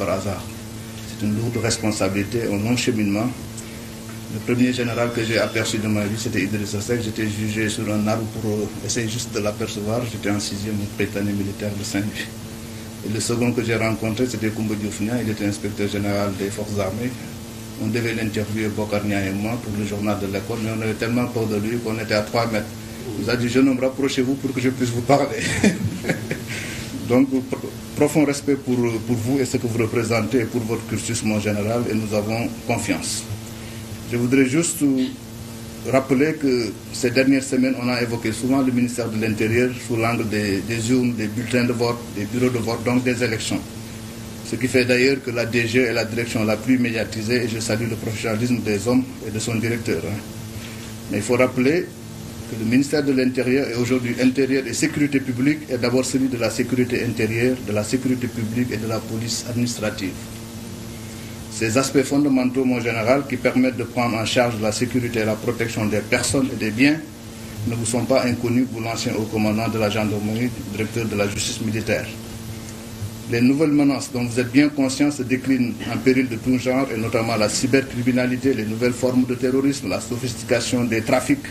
par hasard. C'est une lourde responsabilité, un long cheminement. Le premier général que j'ai aperçu de ma vie, c'était Idriss Seck. J'étais jugé sur un arbre pour euh, essayer juste de l'apercevoir. J'étais en sixième prétendant militaire de Saint-Louis. Et le second que j'ai rencontré, c'était Koumba Il était inspecteur général des forces armées. On devait l'interviewer, Bokarnia et moi, pour le journal de l'école, mais on avait tellement peur de lui qu'on profond respect pour, pour vous et ce que vous représentez pour votre cursus mon général et nous avons confiance. Je voudrais juste rappeler que ces dernières semaines, on a évoqué souvent le ministère de l'Intérieur sous l'angle des, des urnes, des bulletins de vote, des bureaux de vote, donc des élections. Ce qui fait d'ailleurs que la DG est la direction la plus médiatisée et je salue le professionnalisme des hommes et de son directeur. Mais il faut rappeler que le ministère de l'Intérieur et aujourd'hui Intérieur et Sécurité publique est d'abord celui de la sécurité intérieure, de la sécurité publique et de la police administrative. Ces aspects fondamentaux, mon général, qui permettent de prendre en charge la sécurité et la protection des personnes et des biens, ne vous sont pas inconnus pour l'ancien haut commandant de la gendarmerie, directeur de la justice militaire. Les nouvelles menaces dont vous êtes bien conscient se déclinent en péril de tout genre, et notamment la cybercriminalité, les nouvelles formes de terrorisme, la des trafics,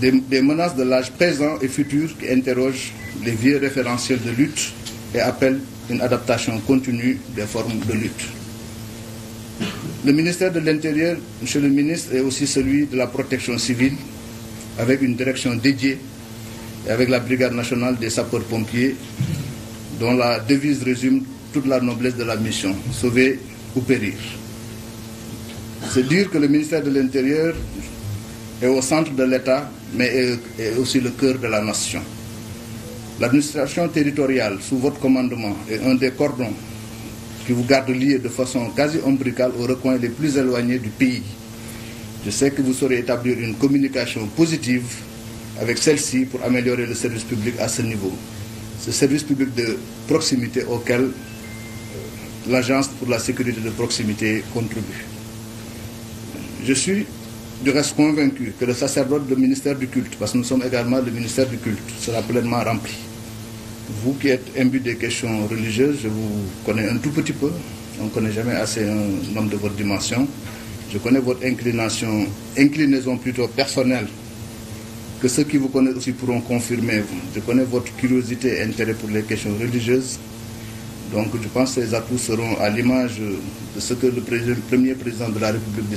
des, des menaces de l'âge présent et futur qui interrogent les vieux référentiels de lutte et appellent une adaptation continue des formes de lutte. Le ministère de l'Intérieur, Monsieur le ministre, est aussi celui de la protection civile, avec une direction dédiée et avec la Brigade nationale des sapeurs-pompiers, dont la devise résume toute la noblesse de la mission, sauver ou périr. C'est dire que le ministère de l'Intérieur est au centre de l'État, mais est, est aussi le cœur de la nation. L'administration territoriale, sous votre commandement, et un des cordons qui vous garde de façon quasi ombricale au recoins les plus éloignés du pays. Je sais que vous saurez établir une communication positive avec celle-ci pour améliorer le service public à ce niveau. Ce service public de proximité auquel euh, l'Agence pour la sécurité de proximité contribue. Je suis je reste convaincu que le sacerdoce du ministère du culte, parce que nous sommes également le ministère du culte, sera pleinement rempli. Vous qui êtes imbu des questions religieuses, je vous connais un tout petit peu. On ne connaît jamais assez un homme de votre dimension. Je connais votre inclination, inclinaison plutôt personnelle, que ceux qui vous connaissent aussi pourront confirmer. Je connais votre curiosité intérêt pour les questions religieuses. Donc je pense que à l'image de ce que président, le la République du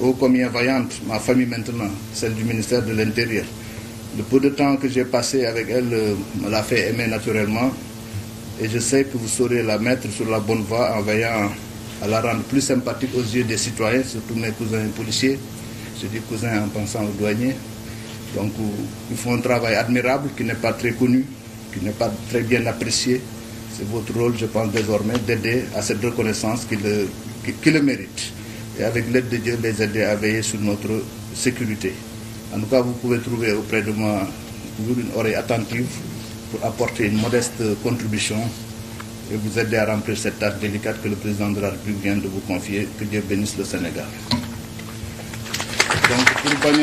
ô combien vaillante, ma famille maintenant, celle du ministère de l'Intérieur. Le peu de temps que j'ai passé avec elle me euh, l'a fait aimer naturellement et je sais que vous saurez la mettre sur la bonne voie en veillant à la rendre plus sympathique aux yeux des citoyens, surtout mes cousins policiers. Je dis cousins en pensant aux douaniers. Donc euh, il font un travail admirable qui n'est pas très connu, qui n'est pas très bien apprécié. C'est votre rôle, à cette reconnaissance qui le, qui, et avec l'aide de Dieu, les aider à veiller sur notre sécurité. En tout cas, vous pouvez trouver auprès de moi toujours une oreille attentive pour apporter une modeste contribution et vous aider à remplir cette tâche délicate que le président de la République de vous confier. Que Dieu bénisse le Sénégal. donc pour bañ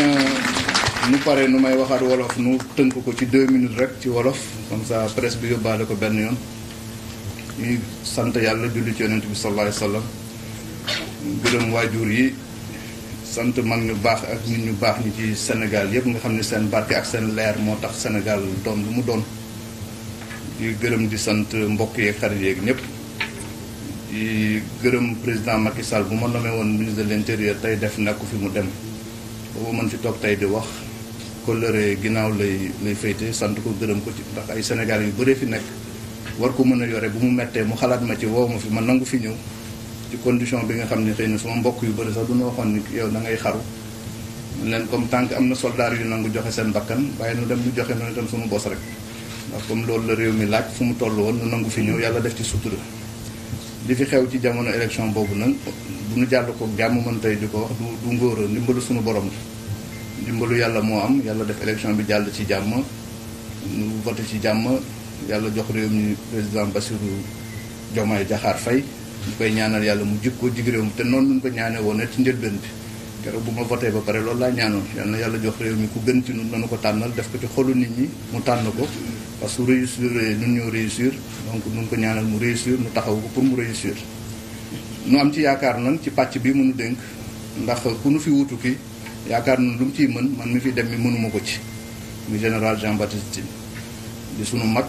a ñu pare nu may waxaat wolof nu tënk ko ci deux minutes rek ci wolof comme ça presse bi yóbbaale ko benn yoon ñuy sant yàlla julli ci yonent bi sallallahu alayhi wa sallam gërëm waajur yi sant mag ñu baax ak nit ñu baax ñi ci senegal yëpp nga xam ne seen barke ak seen leer moo tax senegal doon lu mu doon di gërëm di sant mbokk yeeg xarit yeeg ñëpp di gërëm président Macky Sall bu ma nommé woon ministre de l'intérieur tey def nag nekku fi mu dem boobu man fi toog tey di wax coloré ginnaaw lay lay féete sant ko gërëm ko ci ndax ay Sénégalais yu bëree fi nekk war ko mën a yore bu mu mettee mu xalaat ma ci woow ma fi ma nangu fi ñëw ci condition bi nga xam ne xëy na sama mbokk yu bëri sax du ñu waxoon ni yow da ngay xaru leen comme tànk am na soldaar yu nangu joxe seen bakkan waaye nu dem ñu joxe noonu itam suñu bos rek ndax comme loolu la réew mi laaj fu mu toll woon nu nangu fi ñëw yàlla def ci sutura li fi xew ci jamono élection boobu nag bu ñu jàll ko jàmm mën tey di ko wax du du ngóora ndimbalu suñu borom la ndimbalu yàlla moo am yàlla def élection bi jàll ci jàmm ñu voté ci jàmm yàlla jox réew mi président Bassirou Diomaye Diakhar Faye ñu koy ñaanal yàlla mu jub ko jig réew mi te noonu ñu ko ñaanee woon na ci njëlbeen bi keroog bu ma voté ba pare loolu laa ñaanoon yal na yàlla jox réew mi ku gën ci ñun nanu ko tànnal def ko ci xolu nit ñi mu tànn ko parce que réussir nun ñoo réussir donc nun ko ñaanal mu réussir mu taxaw ko pour mu réussir nu am ci yaakaar nan ci pàcc bi mënu dénk ndax ku nu fi wutu ki yaakaar nan lu mu ciy mën man mi fi dem mi mënuma ko ci muy général Jean Baptiste di sunu mag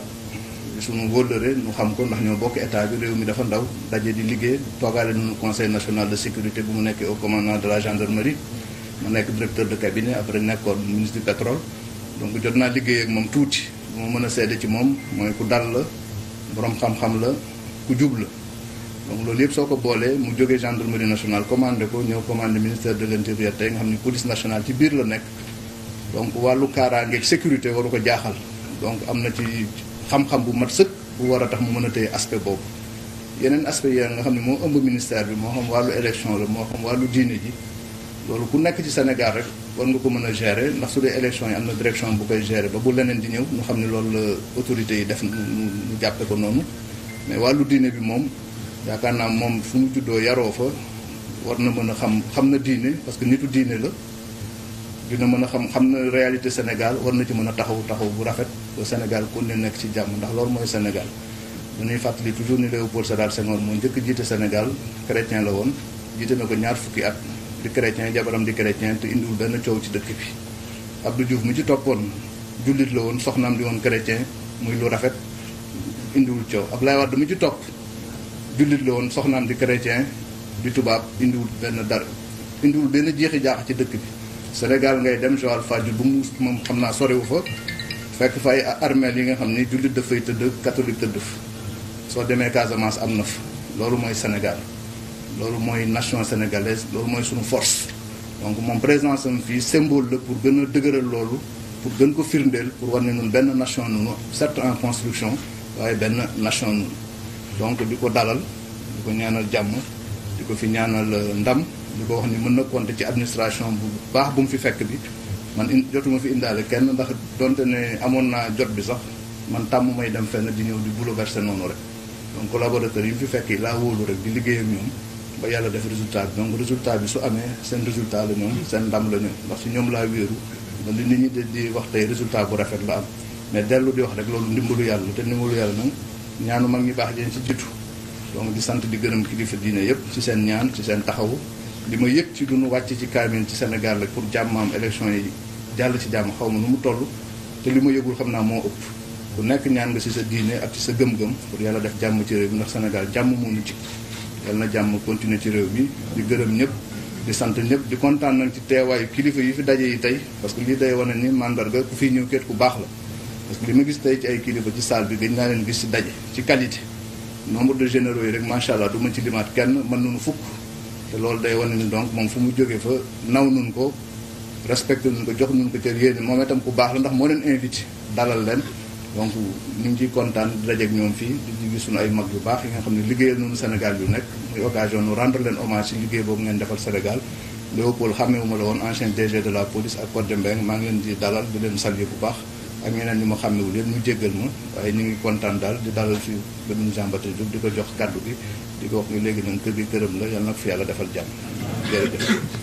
su suñu wóllëre ñu xam ko ndax ñoo bokk état bi réew mi dafa ndaw daje di liggéey toogaale nañu conseil national de sécurité bu mu nekkee au commandement de la gendarmerie ma nekk directeur de cabinet après nekkoon ministre du pétrole donc jot naa liggéey ak moom tuuti moo mën a seede ci moom mooy ku dal la borom xam-xam la ku jub la donc loolu yëpp soo ko boolee mu jógee gendarmerie nationale commandé ko ñëw commandé ministère de l'intérieur tey nga xam ni police nationale ci biir la nekk donc wàllu kaaraangeeg sécurité waru ko jaaxal donc am na ci xam-xam bu mat sëkk bu war a tax mu mën a téye aspect boobu yeneen aspect ya nga xam ne moo ëmb ministère bi moo xam wàllu élection la moo xam wàllu diine ji loolu ku nekk ci Sénégal rek war nga ko mën a gérer ndax su dee élection yi am na direction bu koy gérer ba bu leneen di ñëw ñu xam ne loolu la autorités yi def mu mu jàppe ko noonu mais wàllu diine bi moom yaakaar naa moom fu mu juddoo yaroo fa war na mën a xam xam na diine parce que nitu diine la dina mën a xam xam na réalité Sénégal war na ci mën a taxaw taxaw bu rafet ba Sénégal kon ne nekk ci jàmm ndax loolu mooy Sénégal bu nuy fàttali toujours ni Léopold Sédar Senghor moo njëkk jiite Sénégal chrétien la woon jiite na ko ñaar fukki at di chrétien jabaram di chrétien te indiwul benn coow ci dëkk bi Abdou Diouf mu ci toppoon jullit la woon soxnaam di woon chrétien muy lu rafet indiwul coow Abdoulaye Wade mu ci topp jullit woon soxnaam di chrétien di tubaab indiwul benn dara indiwul benn jeexi jaax ci dëkk bi Sénégal ngay dem Joal Fadiouth bu mu moom xam naa soriwu fa fekk fa ay armeel yi nga xam ni jullit dafay tëdd catholique tëdd fa soo demee Casamance am na fa loolu mooy Sénégal loolu mooy nation sénégalaise loolu mooy sunu force donc moom présence am fii symbole la pour gën a dëgëral loolu pour gën ko firndeel pour war ne ñun benn nation nunu certes en construction waaye benn nation nunu donc di ko dalal di ko ñaanal jàmm di ko fi ñaanal euh, ndam di ko wax ni mën na compter ci administration bu baax bu mu fi fekk bi man in jotuma fi indaale kenn ndax donte ne amoon naa jot bi sax man tàmm may dem fenn di ñëw di bouleverser noonu rek donc collaborateurs yi mu fi fekk yi laa wóolu rek di liggéey ak ñoom ba yàlla def résultat bi donc bi su amee seen résultat la ñoom seen ndam la ñoom ndax si ñoom laa wéeru ba li nit ñi di wax tey résultat bu rafet la am mais dellu di wax rek loolu ndimbalu yàlla te ndimbalu yàlla nag ñaanu mag ñi baax leen ci jiitu donc di sant di gërëm kilifa diine yëpp ci seen ñaan ci seen taxawu li ma yëg ci dunu wàcc ci kaamil ci Sénégal pour jàmmaam élection yi jàll ci jàmm xaw ma nu mu toll te li ma yëgul xam naa moo ëpp ku nekk ñaan nga ci sa diine ak ci sa gëm-gëm pour yàlla def jàmm ci réew mi ndax Sénégal jàmm moom ñu ci yàlla na jàmm continuer ci réew mi di gërëm ñëpp di sant ñëpp di kontaan nañ ci teewaayu kilifa yi fi daje yi tey parce que lii day wane ni màndarga ku fiy ñëw kër ku baax la parce que li ma gis tey ci ay kilifa ci saal bi gëj naa leen gis ci daje ci qualité nombre de généro yi rek macha allah du ma ci limaat kenn mën nañu fukk te loolu day wane ni donc moom fu mu jógee fa naw nun ko respecté nañ ko jox nañ ko cër yéen moom itam ku baax la ndax moo leen invité dalal leen donc ñu ngi ciy kontaan di dajeeg ñoom fii di gis suñu ay mag yu baax yi xam ne liggéeyal nañu Sénégal yu nekk muy occasion nu rendre leen hommage ci liggéey boobu ngeen defal Sénégal Léopold xàmmeewuma la woon ancien DG de la police ak Codé Mbengue maa ngi leen di dalal di leen saluer bu baax ak ñeneen ñu ma xàmmewul yëpp ñu jéggal ma waaye ñu ngi kontaan daal di dalal fii benn jàmbate Diouf di ko jox kàddu gi di ko wax ni léegi nag kër gi këram la yàlla nag fi yàlla defal jàmm